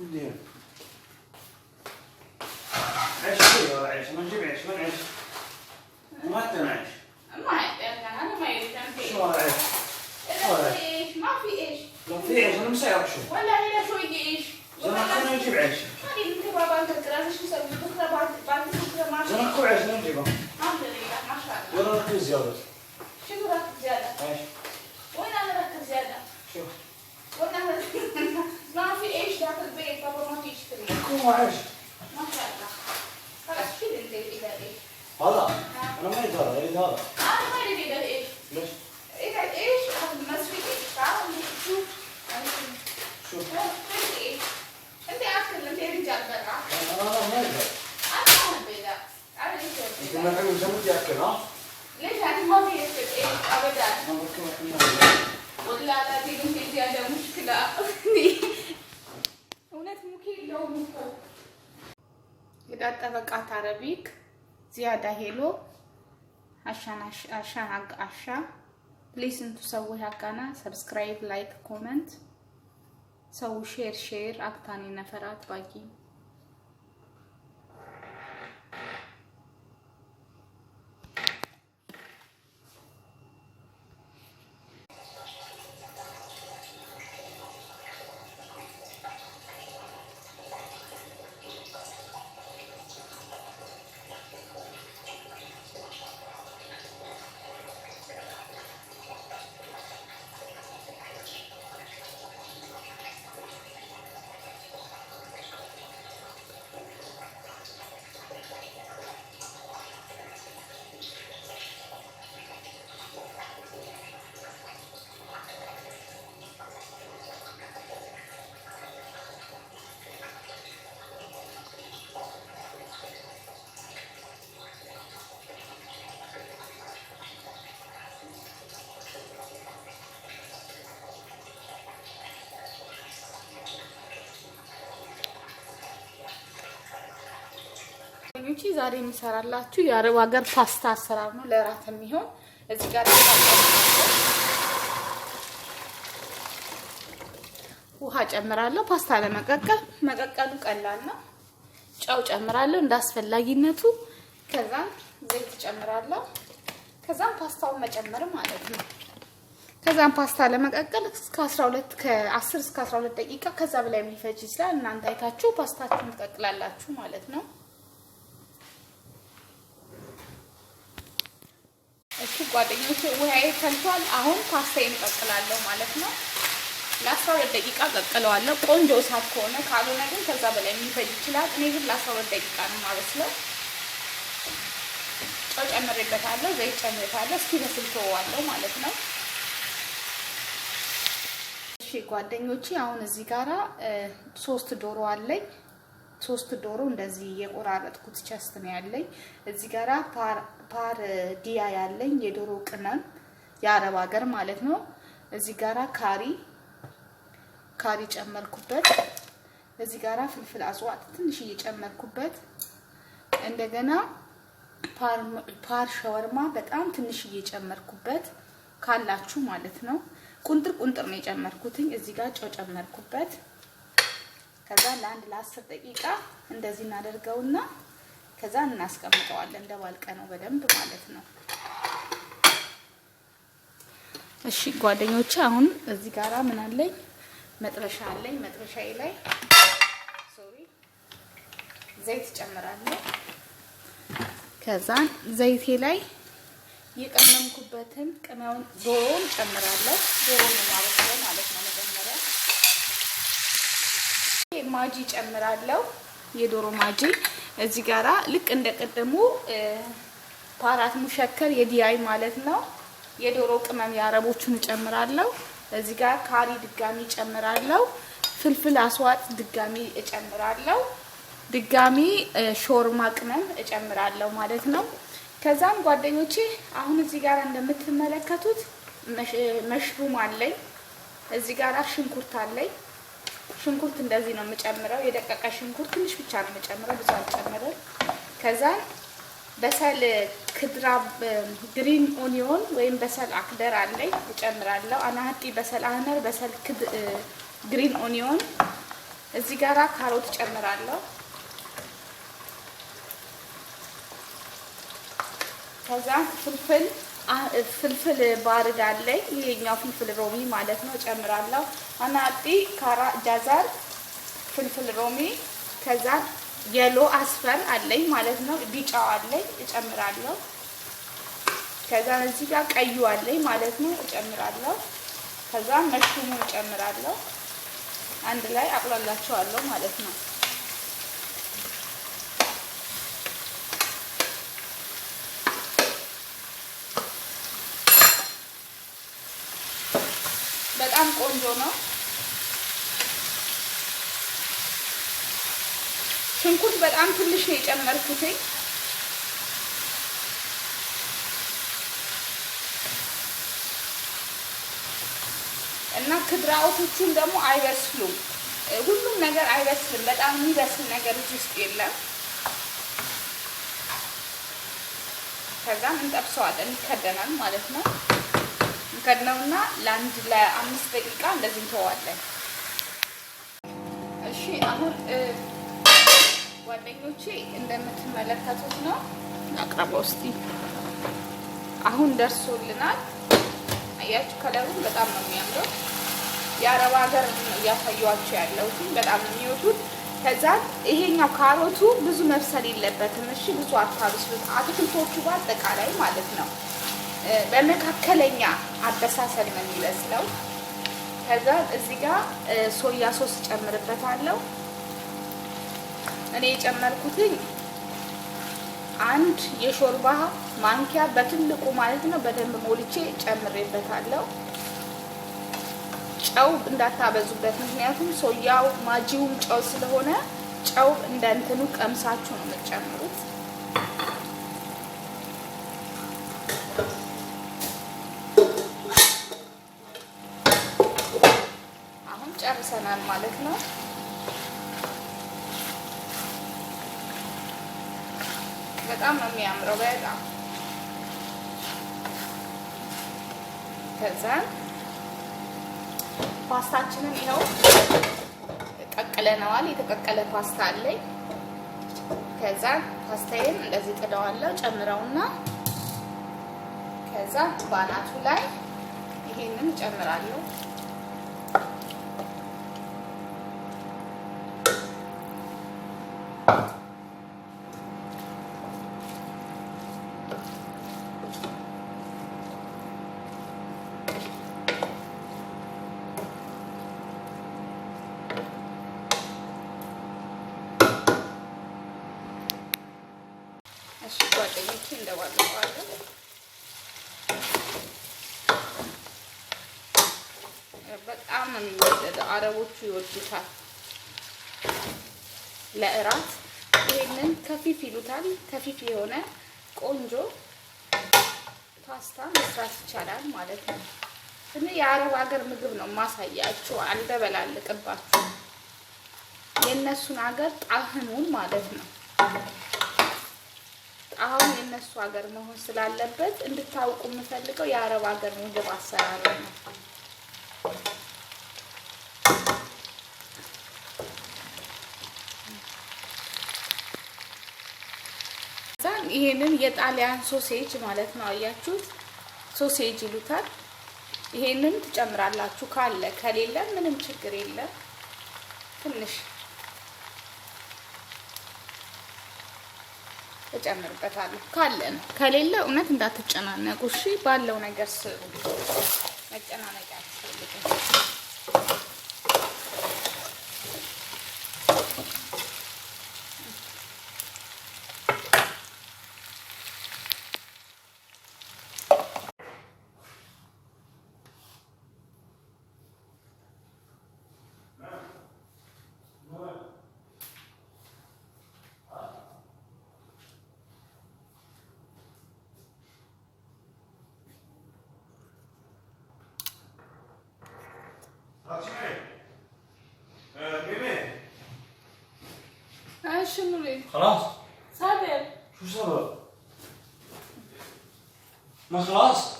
ندير عيش شوية ولا عيش ما نجيب عيش وين عيش؟ ما حتى عيش ما انا عيش؟ ما في عيش لو في عيش انا مسير شو نجيب عيش ما نجيب عيش نجيبه الحمد لله ما زيادة ما عايش خلاص كده انت ايه هلا انا ما يدار هذا إيه انا ما اريد يدار ايش ليش؟ ابعد ايش ما مسوي ايش تعال شوف شوف ايش انت اكل انت رجال برا لا انا ما يدار انا ما بيدار انا ليش انت ما تحب ياكل ها؟ ليش هذه ما في ايش ابدا ولا لا دي مشكله የጣጠበቃት አረቢክ ዚያዳ ሄሎ አሻን አሻ ፕሊስ እንቱ ሰው ያጋና ሰብስክራይብ ላይክ ኮመንት ሰው ሼር ሼር አክታኒ ነፈራት ባጊ ጓደኞቼ ዛሬ የሚሰራላችሁ የአረብ ሀገር ፓስታ አሰራር ነው፣ ለራት የሚሆን እዚህ ጋር ውሃ ጨምራለሁ። ፓስታ ለመቀቀል መቀቀሉ ቀላል ነው። ጨው ጨምራለሁ እንደ አስፈላጊነቱ። ከዛም ዘይት ጨምራለሁ። ከዛም ፓስታውን መጨመር ማለት ነው። ከዛም ፓስታ ለመቀቀል እስከ 12 ከ10 እስከ 12 ደቂቃ ከዛ በላይ የሚፈጅ ይችላል። እናንተ አይታችሁ ፓስታችሁን ትቀቅላላችሁ ማለት ነው። ጓደኞቼ ውሃዬ ፈልቷል። አሁን ፓስታዬን እቀቅላለሁ ማለት ነው። ለአስራ ሁለት ደቂቃ እቀቅለዋለሁ። ቆንጆ እሳት ከሆነ ካልሆነ ግን ከዛ በላይ የሚፈጅ ይችላል። እኔ ግን ለአስራ ሁለት ደቂቃ ነው ማበስለው። ጨው ጨምሬበታለሁ፣ ዘይት ጨምሬበታለሁ። እስኪ በስል ተወዋለሁ ማለት ነው። እሺ ጓደኞቼ አሁን እዚህ ጋራ ሶስት ዶሮ አለኝ ሶስት ዶሮ እንደዚህ የቆራረጥኩት ቸስት ነው ያለኝ እዚህ ጋራ ፓር ዲያ ያለኝ የዶሮ ቅመም የአረብ ሀገር ማለት ነው። እዚህ ጋራ ካሪ ካሪ ጨመርኩበት። እዚህ ጋራ ፍልፍል አጽዋት ትንሽ እየጨመርኩበት እንደገና ፓር ሸወርማ በጣም ትንሽ እየጨመርኩበት ካላችሁ ማለት ነው። ቁንጥር ቁንጥር ነው የጨመርኩትኝ። እዚህ ጋር ጨው ጨመርኩበት። ከዛ ለአንድ ለአስር ደቂቃ እንደዚህ እናደርገውና ከዛ እናስቀምጠዋለን እንደባልቀ ነው በደንብ ማለት ነው። እሺ ጓደኞቼ አሁን እዚህ ጋራ ምን አለኝ? መጥበሻ አለኝ። መጥበሻዬ ላይ ሶሪ ዘይት ጨምራለሁ። ከዛ ዘይቴ ላይ የቀመምኩበትን ቅመውን ዶሮን ጨምራለሁ። ዶሮን ማለት ማለት ነው። መጀመሪያ ማጂ ጨምራለሁ፣ የዶሮ ማጂ እዚህ ጋራ ልክ እንደቀደሙ ፓራት ሙሸከር የዲያይ ማለት ነው። የዶሮ ቅመም የአረቦቹን እጨምራለሁ። እዚህ ጋር ካሪ ድጋሚ እጨምራለሁ። ፍልፍል አስዋጥ ድጋሚ እጨምራለሁ። ድጋሚ ሾርማ ቅመም እጨምራለሁ ማለት ነው። ከዛም ጓደኞቼ አሁን እዚህ ጋር እንደምትመለከቱት መሽሩም አለኝ። እዚህ ጋር ሽንኩርት አለኝ። ሽንኩርት እንደዚህ ነው የምጨምረው። የደቀቀ ሽንኩርት ትንሽ ብቻ ነው የምጨምረው፣ ብዙ አልጨምርም። ከዛ በሰል ክድራ ግሪን ኦኒዮን ወይም በሰል አክደር አለኝ እጨምራለሁ። አናህጢ በሰል አህመር በሰል ግሪን ኦኒዮን እዚህ ጋራ ካሮት እጨምራለሁ። ከዛ ፍልፍል ፍልፍል ባርድ አለኝ። ይሄኛው ፍልፍል ሮሚ ማለት ነው ጨምራለሁ። አናጢ ካራ ጃዛር ፍልፍል ሮሚ ከዛ የሎ አስፈር አለኝ ማለት ነው ቢጫው አለኝ እጨምራለሁ። ከዛ እዚህ ጋር ቀዩ አለኝ ማለት ነው እጨምራለሁ። ከዛ መሽሙ እጨምራለሁ። አንድ ላይ አቁላላቸዋለሁ ማለት ነው። በጣም ቆንጆ ነው። ሽንኩርት በጣም ትንሽ ነው የጨመርኩት። እና ክድራዎቶቹም ደግሞ አይበስሉም። ሁሉም ነገር አይበስልም። በጣም የሚበስል ነገር እዚህ ውስጥ የለም። ከዛም እንጠብሰዋለን፣ ይከደናል ማለት ነው። መንከድ ነው እና ለአንድ ለአምስት ደቂቃ እንደዚህ እንተዋለን። እሺ አሁን ጓደኞቼ እንደምትመለከቱት ነው። አቅረባ ውስጥ አሁን ደርሶልናል። አያችሁ ከለሩን በጣም ነው የሚያምረው። የአረብ ሀገር እያሳየኋቸው ያለው በጣም ነው የሚወዱት። ከዛ ይሄኛው ካሮቱ ብዙ መብሰል የለበትም። እሺ ብዙ አታብስሉት፣ አትክልቶቹ በአጠቃላይ ማለት ነው በመካከለኛ አበሳሰል ነው የሚበስለው። ከዛ እዚህ ጋር ሶያ ሶስ ጨምርበታለሁ። እኔ የጨመርኩትኝ አንድ የሾርባ ማንኪያ በትልቁ ማለት ነው። በደንብ ሞልቼ ጨምሬበታለሁ። ጨው እንዳታበዙበት፣ ምክንያቱም ሶያው ማጂውም ጨው ስለሆነ ጨው እንደ እንትኑ ቀምሳችሁ ነው የምትጨምሩት። ጨርሰናል ማለት ነው። በጣም ነው የሚያምረው። በጣም ከዛ ፓስታችንን ይኸው ቀቅለነዋል። የተቀቀለ ፓስታ አለኝ። ከዛ ፓስታዬን እንደዚህ ጥደዋለሁ። ጨምረውና ከዛ ባናቱ ላይ ይሄንን ጨምራለሁ። ጓደኞቼ እንደባለፈዋለሁ። በጣም ነው የሚወደደው። አረቦቹ ይወዱታል። ለእራት ይሄንን ከፊፍ ይሉታል። ከፊፍ የሆነ ቆንጆ ፓስታ መስራት ይቻላል ማለት ነው። እኔ የአረብ ሀገር ምግብ ነው ማሳያችሁ፣ አልደበላልቅባችሁ የእነሱን ሀገር ጣህሙን ማለት ነው። አሁን የእነሱ ሀገር መሆን ስላለበት እንድታውቁ የምፈልገው የአረብ ሀገር ምግብ አሰራር ነው። ይሄንን የጣሊያን ሶሴጅ ማለት ነው። አያችሁት? ሶሴጅ ይሉታል። ይሄንን ትጨምራላችሁ ካለ ከሌለ ምንም ችግር የለም። ትንሽ እጨምርበታለሁ ካለን ከሌለ እውነት እንዳትጨናነቁ እሺ። ባለው ነገር ስሩ። መጨናነቅ خلاص صابر شو صبر ما خلاص